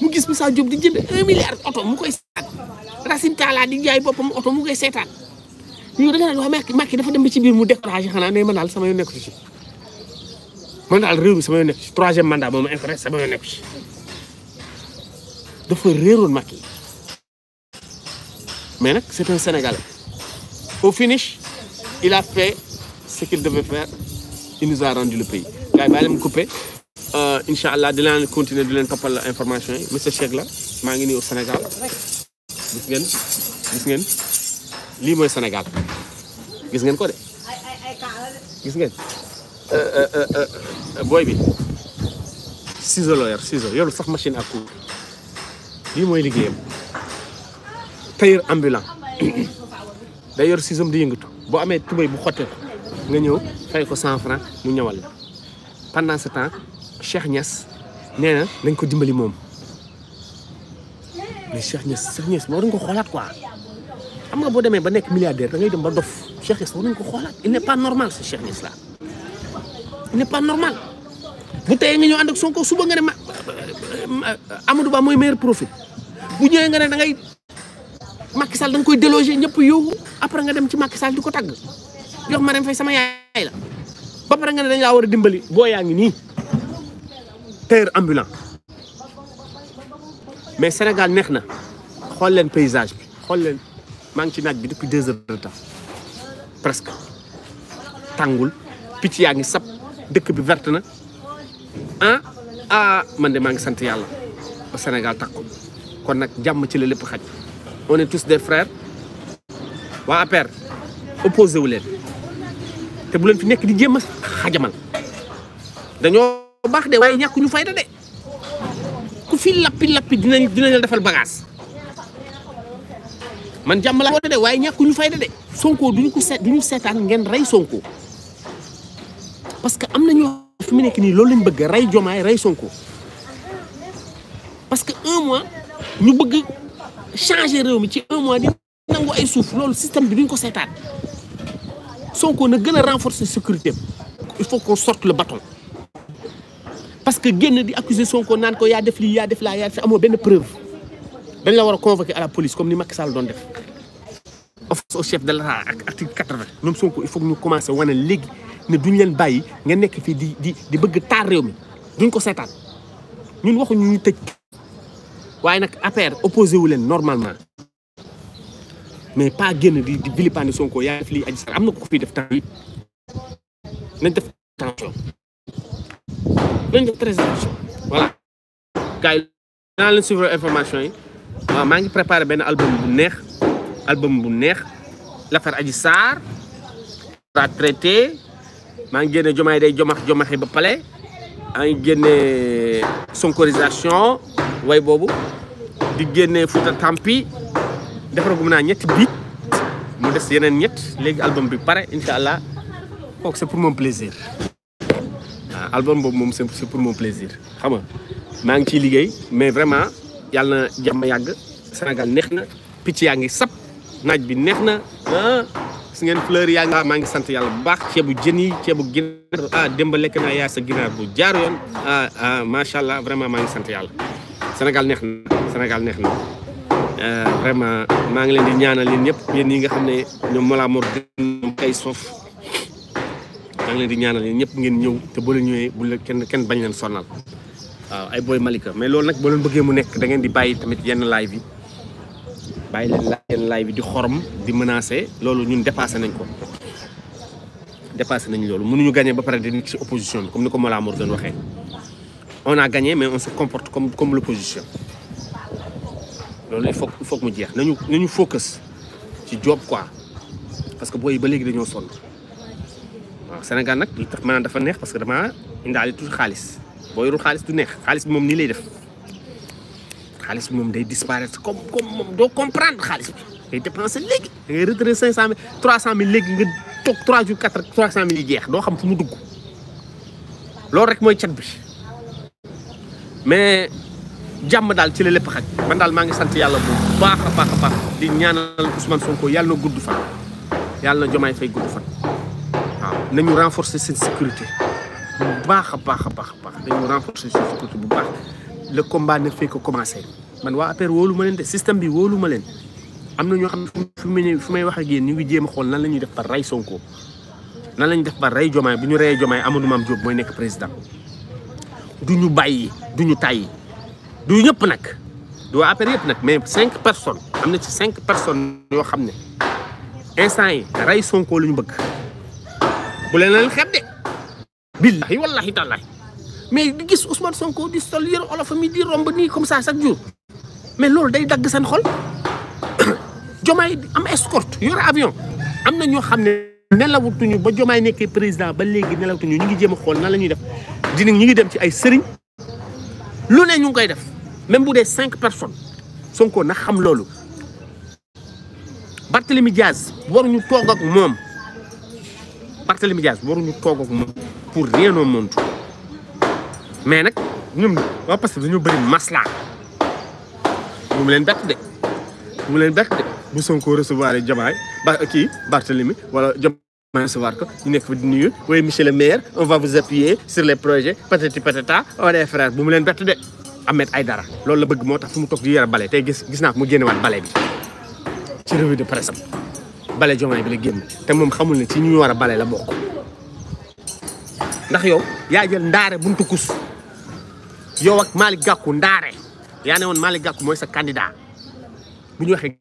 mu gis Moussa Diop di jënd un milliard oto mu koy seetaan Racine Talla di jaay boppam oto mu koy seetaan yow da nga naan wax Macky Macky dafa dem ci biir mu découragé xanaa ne ma daal sama yoon nekk ci. man daal sama yoon nekk ci troisième mandat moom intérêt sama yoon nekk ci dafa réeroon Macky mais nak c'est un Sénégalais au finish il a fait ce qu'il devait faire il nous a rendu le pays gars ba bàyyi couper euh inshallah allah continuer di leen la information monsieur Cheikh la maa ngi au Sénégal gis ngén gis ngén li moy Sénégal gis ngén ko de gis euh, euh, euh, euh. booy bi ciseau la yor ciseau yorul sax machine à coudre lii mooy liggéeyam tailleur ambulant day yor ciseau di yëngatu boo amee tubéy bu xottee ko nga ñëw fay ko cent franc mu ñëwal la pendant ce temps Cheikh Niass nañ ko dimbali moom mais Cheikh Niass Cheikh Niass war nañ ko xoolaat quoi xam nga boo demee ba nekk milliardaire da ngay dem ba dof Cheikh Niass war nañ ko xoolaat il n'est pas normal ce Cheikh Niass là n'est pas normal bu tay nga ñu and ak Sonko suba nga ne Amadou Ba moy meilleur profil bu ñëwee nga ne da ngay Macky Sall dang koy déloger ñëpp yow après nga dem ci Macky Sall diko tag tàgg ma dem fay sama yaay la ba pare nga ne dañ la wara a dimbali bo yaangi ni terre ambulant mais Sénégal neex xol len paysage bi xol len maa ngi ci nak bi depuis 2 heures de temps presque tangul pitch yaangi sap dëkk bi verte na ah ah man de ma ngi sant yalla au Sénégal takku kon nak jamm ci lepp lépp xaj on est tous des frères wa aper opposé wu len té bu len fi nek di jëm xajamal dañoo bax de way ñakku ñu fayda dé ku fi lapi lapi dinañ dinañ la defal bagage man la laa dé way ñakku ñu fayda dé Sonko duñ ko seet duñ seetaan ngeen ray Sonko. parce que amna ñu ñoo fi mu nekk nii loolu lañ bëgg ray jomay ray sonko parce que un mois ñu bëgg changer réew mi ci un mois di nangu ay souf loolu système bi duñ ko sétat. sonko na gën a renforcer sécurité il faut qu'on sorte le bâton parce que génn di accuser sonko naan ko yaa def lii yaa def laa yaa def amoo benn preuve dañ la war a convoquer à la police comme ni Macky Sall doon def au chef de la ak article 80 ñoom sonko il faut que ñu commencer wane léegi ne duñ leen bayyi nga nekk fi di di di bëgg duñ ko ñun ñu opposé normalement mais pas génn di di de Sonko yaa def lii aji ko def temps yi def attention très voilà suivre information yi album bu album bu neex l'affaire maa ngi génne jomaay day jomax jomaxi ba pale maa ngi génne sonkorisation way boobu di génne Fouta Tampi defaragum naa ñetti biit mu des yeneen ñett léegi album bi pare incha allah c'est pour mon plaisir ah, album boobu moom c'est pour mon plaisir xam nga maa ngi ciy mais vraiment yàlla na jàmm yàgg Sénégal neex na picc ngi sap naaj bi neex na ah. ngeen fleur ya nga maa ngi sant yàlla bu baax ci bu jeni ci bu ginaar ah démb lek na ya sa ginaar bu jaar yon ah ah macha allah vraiment maa ngi sant yàlla Sénégal neex na Sénégal neex na ah, vraiment ma ngi len di ñaanal yeen ñep yeen yi nga xamne ne mala Mollah Morgun kay sof ma ngi len di ñaanal yeen ñep ngeen ñew te bo leen ñewé bu la kenn kenn bañ len sonal waaw ay boy Malika mais lool nak bo len bëgge mu nekk da ngeen di bayyi tamit yenn live yi bàyyi leen laaj leen laay bi di xorom di menacer loolu ñun dépassé nañ ko dépassé nañ loolu mënuñu gagné ba pare di nekk ci opposition bi comme ni ko Mollah Morgun waxee on a gagné mais on se comporte comme comme l'opposition loolu il faut il faut mu jeex nañu nañu focus ci job quoi parce que booy ba léegi dañoo sonn waaw Sénégal nag li tax maanaam dafa neex parce que dama indaale tout xaalis boo yorul xaalis du neex xaalis bi moom nii lay def. xaalis bi moom day disparaître comme comme moom doo comprendre xaalis bi day dépensé léegi da ngay retiré cinq cent mille trois cent mille léegi mille jeex doo xam fu mu dugg loolu rek mooy cat bi mais jàmm daal ci la lépp xaj man daal maa ngi sant yàlla bu baax a baax a baax di ñaanal Ousmane Sonko yàlla na gudd fan yàlla na Jomaay Fay gudd fan waaw nañu renforcer seen sécurité baax a baax a baax a baax nañu renforcer bu baax le combat ne fait que commencer man waa woo lu ma leen de système bi wóolu ma leen am na ñoo xam ne fu mu fu may wax a yéen ñu ngi jéem xool nan lañuy def par rey sonkoo nan lañu def par rey Jomaay bu ñu reyee Jomaay Amadou Mame Diop mooy nekk président du ñu bàyyi du ñu tàyyi du ñëpp nag du waa affaire yëpp nag mais cinq personnes am na ci cinq personnes yoo xam ne instant yi rey Sonko lañu bëgg bu leen leen xeeb de billahi wallahi tallahi mais di gis Ousmane Sonko di sol yëre olofam am di romb nii comme saa chaque jour mais loolu day dagg seen xol jomaay am escorte yor avion am na ñoo xam ne nelawutuñu ba jomaay nekkee président ba léegi nelawutuñu ñu ngi jéem a xool nan la ñuy def dina ñu ngi dem ci ay sëriñ lu ne ñu ngi koy def même bu dee cinq personnes Sonko na xam loolu Barthélemy Diaz waruñu toog ak moom Barthélemy Diaz waruñu toog ak moom pour rien au monde mais nag ñoom waa parce que dañoo bëri maslaa bu mu leen bett de bu mu leen bett de bu Sonko recevoir Diomaye ba kii Barthélemy wala Diomaye recevoir ko ñu nekk fa di nuyu oui monsieur le maire on va vous appuyer sur les projets patati patata on est frère bu mu leen bett de Ahmed Aïdara loolu la bëgg moo tax fu mu toog di yore bale tey gis gis naa ko mu génnewaat bale bi ci revue de presse bale Diomaye bi la génn te moom xamul ne ci ñu war a bale la bokk ndax yow yaa ndaare buntu yow ak Malick Gakou ndaare yaa ne woon Malick gàkku mooy sa candidat bu ñu waxee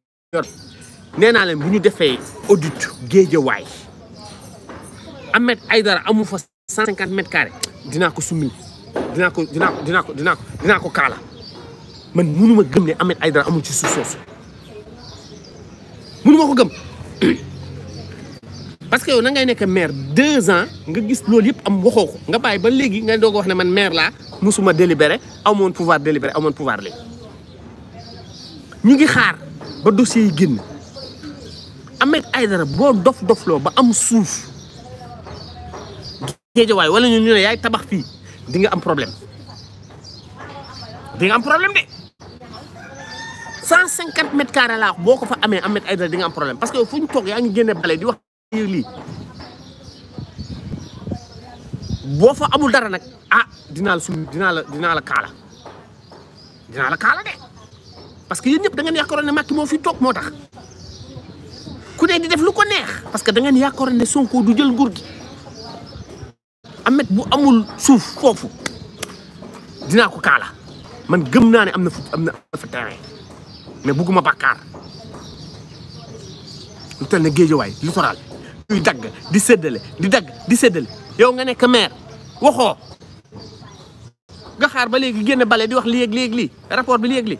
nee naa leen bu ñu defee audit géejawaay Ahmed Aïdara amu fa cent cinquante dinaa ko summi dinaa ko dinaa ko kaala man munu ma gëm ne amul ci suuf soosu munu ma ko gëm parce que yow na ngay nekk maire deux ans nga gis loolu yëpp am waxoo nga bàyyi ba léegi nga doog wax ne man maire laa musuma délibéré amoon pouvoir délibéré peut pouvoir les. ñu ngi xaar ba dossier Ahmed Aider bon dof dofloo ba am tu géejawaay wala problème di am problème de mètres carrés là, beaucoup. Ahmed problème parce que vous tu toog yaa ngi boo fa amul dara nak ah dina la sum dina la dina la kala dina la kala de parce que yeen ñep da ngeen yakkorone makki mo fi tok motax ku ne di def lu ko neex parce que da ngeen yakkorone Sonko du jël ngur gi Ahmed bu amul suuf fofu dina ko kala man gëm naa amna fu amna fa terrain mais bugguma bakkar lu tel ne way littoral ñuy dagg di séddale di dag di séddale yow nga nek maire waxoo nga xaar ba léegi génn bale di wax lii ak lii rapport bi lii ak lii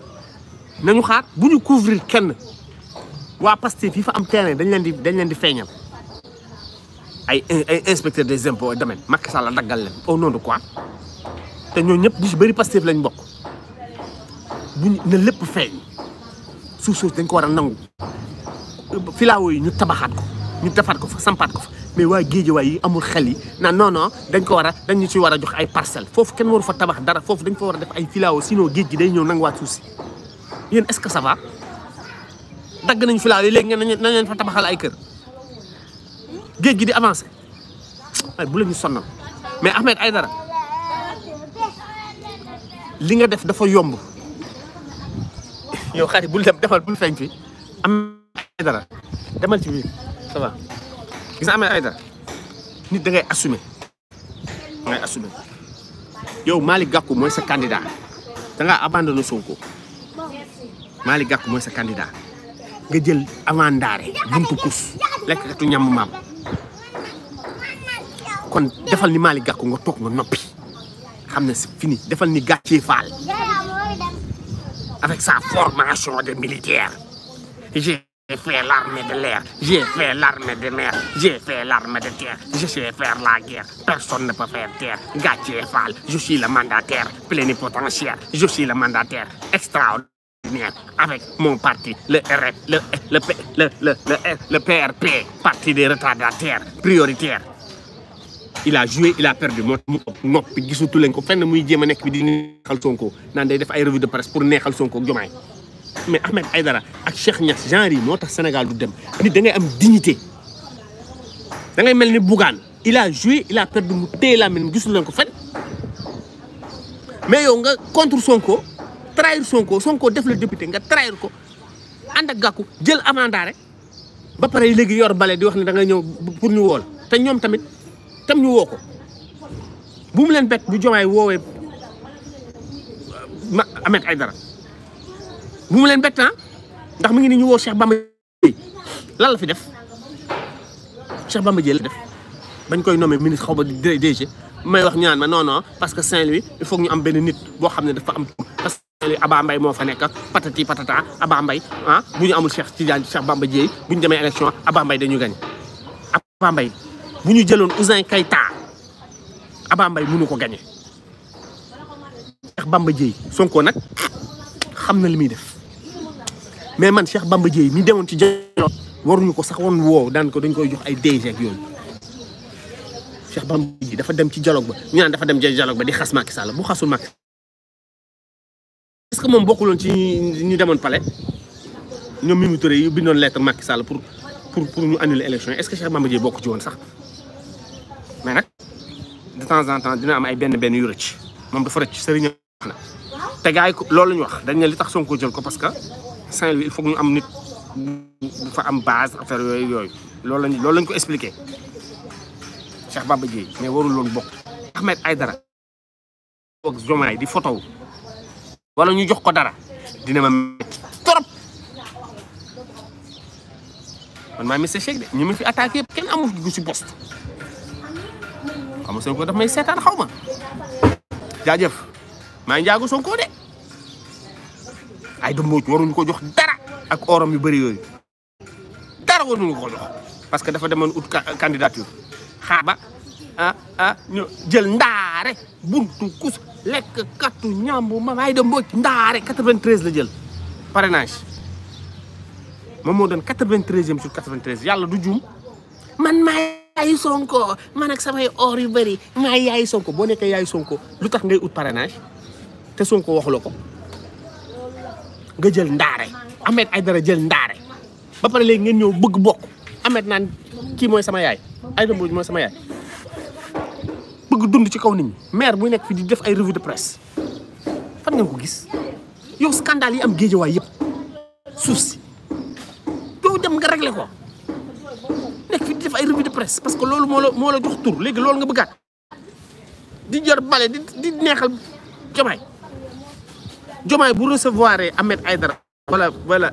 nañu xaar bu ñu couvrir kenn waa Pastef fii fa am terrain dañ leen di dañ leen di feeñal ay ay inspecteur des impôts et domaines Macky Sall daggal leen au nom de quoi te ñoo ñëpp bu si bari bëri Pastef lañ bokk buñ na lépp feeñ suuf suuf dañ ko war a nangu filaawo yi ñu tabaxaat ko ñu defaat ko fa sampaat ko fa mais wa geedji way amul xel yi na non non dañ ko wara dañ ñu ci wara jox ay parcel fofu kenn waru fa tabax dara fofu dañ fa wara def ay filao sino geedji day ñew nang wa si yeen est ce que ça va dag nañ filao leg nga ngeen nañ leen fa tabaxal ay kër geedji di avancer ay bu la ñu sonnal mais Ahmed dara li nga def dafa yomb yow xari bu dem defal bu feeñ fi am dara demal ci biir ça va gis nga Ahmed Aïdara nit da ngay assumer ngay assumer yow malik Gakou moy sa candidat da nga abandonné Sonko malik Gakou moy sa candidat nga jël avant ndaare buntu kus lekk katu ñam mam kon defal ni malik Gakou nga tok nga nopi xamna c'est fini defal ni gatché fall avec sa formation de militaire j'ai J'ai fait l'armée de l'air, j'ai fait l'armée de mer, j'ai fait l'armée de terre, je sais faire la guerre, personne ne peut faire terre. Gatier Fall, je suis le mandataire, plénipotentiaire, je suis le mandataire extraordinaire avec mon parti, le RF, e, le, le, le, e, le, PRP, parti des retardataires, prioritaire. il a joué il a perdu mais Ahmed Aïdara ak Cheikh Niass genre yi Senegal tax Sénégal du dem nit da ngay am dignité da ngay mel ni Bougane il a joué il a perdu mu téye la mel gisul leen ko fen mais yow nga contre Sonko trahir Sonko Sonko def la député nga trahir ko ànd ak gàkku jël avandaare ba pare léegi yor bale di wax ne da ngay ñëw pour ñu woo la te tamit tam ñu woo bu mu leen bett bu jomaay woowee Ahmed Aïdara bu mu leen bett ah, ndax mu ngi ni ñu woo Cheikh Bamba Dièye lan la fi def Cheikh Bamba Dièye la def bañ koy noome ministre xaw ma DG may wax ñaan ma non non parce que Saint-Louis il faut ñu am benn nit boo xam ne dafa am parce que moo fa nekk patati patata Aba Mbaye ah bu ñu amul Cheikh Tidiane Cheikh Bamba Dièye bu ñu demee élection Aba Mbaye dañu gagné Aba Mbaye bu ñu jëloon Ouzin Keïta Aba Mbaye mënu ko gagné Cheikh Bamba Dièye Sonko nag xam na li muy def. mais man Cheikh Bamba Dièye mi demoon ci Jolof waruñu ko sax woon woo daan ko dañ koy jox ay DG ak yooyu Cheikh Bamba dafa dem ci dialogue ba ñu naan dafa dem ci dialogue ba di xas Macky Sall bu xasul Macky est-ce que moom bokkuloon ci ñu demoon palais ñoom Mimi Touré yu bindoon lettre Macky Sall pour pour pour ñu annuler élection est-ce que Cheikh Bamba bokk ci woon sax mais nag de temps en temps dina am ay benn benn yu rëcc moom dafa rëcc sëriñ wax na te gars yi loolu ñu wax dañ ne li tax Sonko jël ko parce que Saint-Louis il faut ñu am nit bu fa am base affaire yooyu yooyu loolu lañ loolu lañ ko expliqué Cheikh Baba Dièye mais warul bokk Ahmed Aïdara ak Diomaye di fotow wala ñu jox ko dara dina ma metti trop man maa ñu ma fi attaqué kenn amul gu si poste xaw ma daf may seetaan xaw ma jaajëf maa Sonko de ay du Mbodj waruñ ko jox dara ak orom yu bari yoy dara waruñ ko jox parce que dafa demone ut candidature xaba ah ah ñu jël ndare buntu kus lek katu ñambu ma ay da Mbodj ndare 93 la jël parrainage ma mo don 93e sur 93 yalla du joom man maay yaay sonko man ak samay or yu bëri maay yaay sonko boo nekkee yaay sonko lu ngay ut parrainage te sonko waxuloko nga jël ndaare Ahmed dara jël ndaare ba pare léegi ngeen ñew bëgg bokk Ahmed naan ki moy sama yaay ay dama moy sama yaay bëgg dund ci kaw nit ñi maire bu nekk fi di def ay revue de presse fan nga ko gis yow scandale yi am way yépp suuf si yow dem nga réglé ko nekk fi di def ay revue de presse parce que loolu moo la jox tour léegi loolu nga bëggaat di jor balé di di neexal jomaay Diomaye bu recevoir Ahmed Aïdara wala wala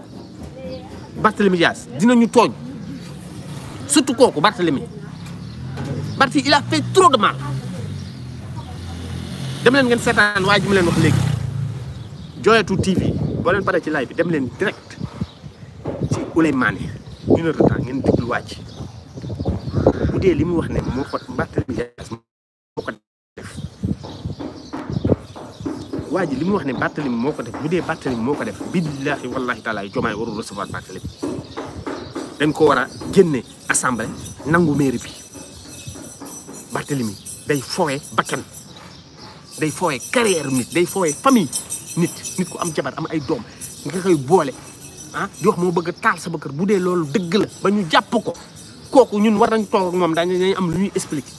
Barthélemy Dias dinañu tooñ surtout kooku Barthélemy Barthé il a trop de mal dem leen ngeen seetaan waaye ji mu leen wax léegi Jooyatu TV boo leen paree ci live bi dem leen direct ci Ouleymane une heure de temps ngeen déglu waa ji li mu wax ne moo ko Barthélemy waji limu wax ne batalim moko def budé batalim moko def billahi wallahi taala jomay waru recevoir batalim dañ ko wara genné assemblée nangou maire bi Barthélemy day foowe bakkan day foowe carrière nit day foowe famille nit nit ko am jabar am ay dom nga koy bolé han ah, di wax mo bëgg taal sa bëkkër budé dee dëgg la bañu japp ko koku ñun war nañ tok ak moom daañu am lu expliquer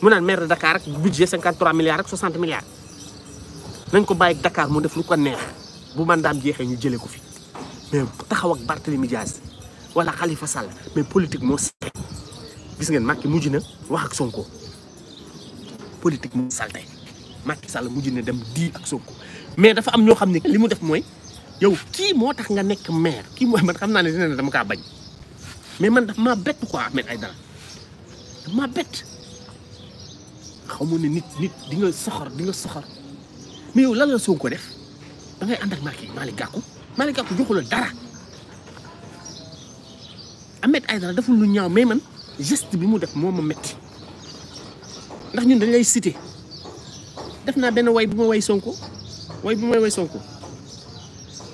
mu nan maire de Dakar budget 53 milliards 60 milliards nañ ko bàyyi Dakar mu def lu ko neex bu mandam jexé ñu jëlé ko fi mais taxaw ak Barthélemy Diaz wala Khalifa Sall mais politique mo seet gis ngeen makki mujjina wax ak Sonko politique mo salté makki Sall mujjina dem di ak Sonko mais dafa am ño xam limu def moy yow ki moo tax nga nek maire ki moy man xamna ni dina dama ka bañ mais man dafa ma bet quoi Ahmed Aïdara ma bet bett nit nit di nga soxor di nga soxor Miu yow lan la Sonko def da ngay ànd ak malik Malick Gakou malik Gakou joxu la dara ay dara deful lu ñaaw mais man geste bi mu def moma metti ndax ñun dañ lay cité def na ben way buma way Sonko way buma way Sonko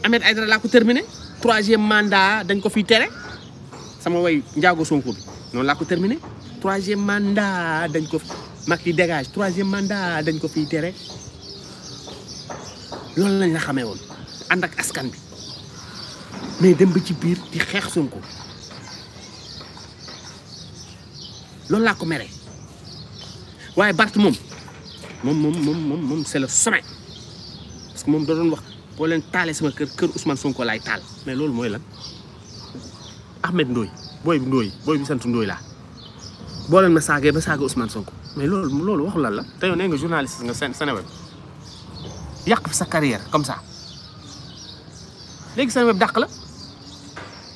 ay dara la ko terminé troisième mandat dañ ko fi téré sama way njaago Sonko non la ko terminé troisième mandat dañ ko fi Macky dégage troisième mandat dañ ko fi téré loolu lañ la xamee woon ànd ak askan bi mais dem ba ci biir di xeex Sonko loolu laa ko mere waaye Bart moom moom moom moom moom c'est le sommet parce que moom da doon wax boo leen taalee sama kër kër Ousmane Sonko laay taal mais loolu mooy lan Ahmed Ndoye booy bi Ndoye booy bi sant Ndoye laa boo leen ma saagee ba saaga Ousmane Sonko mais loolu loolu waxu lan la te yow nee nga journaliste nga Seneweb yàq sa carrière comme ça léegi Seneweb dàq la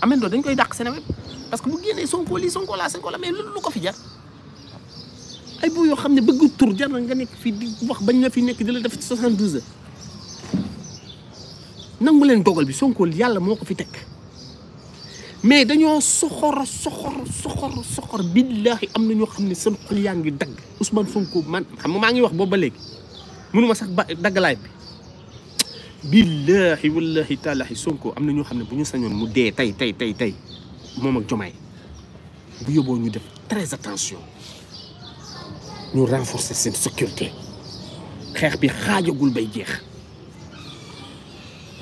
Amendo dañ koy dàq Seneweb parce que bu génnee Sonko lii Sonko laa Sonko la mais lu ko fi jar ay boo yoo xam ne bëgg tur jar na nga nekk fii di wax bañ la fi nekk di la def ci 72 heures nangu leen dogal bi Sonko yàlla moo ko fi teg mais dañoo soxor soxor soxor soxor billahi am na ñoo xam ne seen xol yaa Ousmane Sonko man xam nga maa ngi wax boobu ba léegi mënuma sax ba dagg bi billahi wallahi ta'ala Sonko amna ñu xamne bu ñu sañon mu dé tay tay tay tay mom ak jomay bu yobo ñu def très attention ñu renforcer seen sécurité xex bi xaajagul bay jeex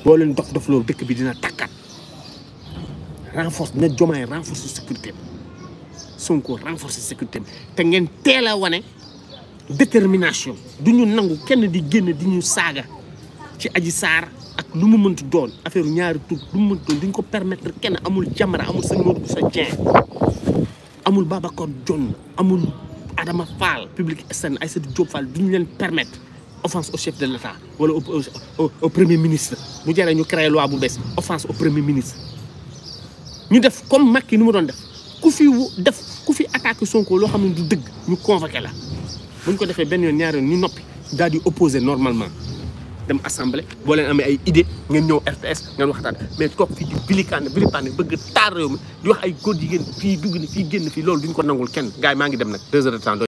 bo leen dox dof loolu dëkk bi dina takkat renforce na jomay renforcer sécurité Sonko renforcer sécurité te ngeen téla a détermination duñu nangu kenn di génn di ñu saga ci aji saar ak lu mu mënti doon affaire ñaari tur lu mu mënti doon duñ ko permettre kenn amul Jamra amul sëñ Modou Bousso Dieng amul Babacar jon amul Adama Fall public ay Aïssatou Diop Fall duñ leen permetre offense au chef de l' état wala au premier ministre bu jaree ñu créé loi bu bees offense au premier ministre ñu def comme Macky nu mu doon def ku fi def ku fi attaqué Sonko loo xam ne du dëgg ñu convoqué la buñ ko defee benn yoon ñaar yoon ñu noppi daal di opposé normalement dem assemblée boo leen amee ay idée ngeen ñëw RTS ngeen waxtaan mais toog fii di bilikaan bilikaan bëgg taar réew mi di wax ay góor jigéen fii dugg na fii génn fii loolu nangul kenn gars maa ngi dem nag deux temps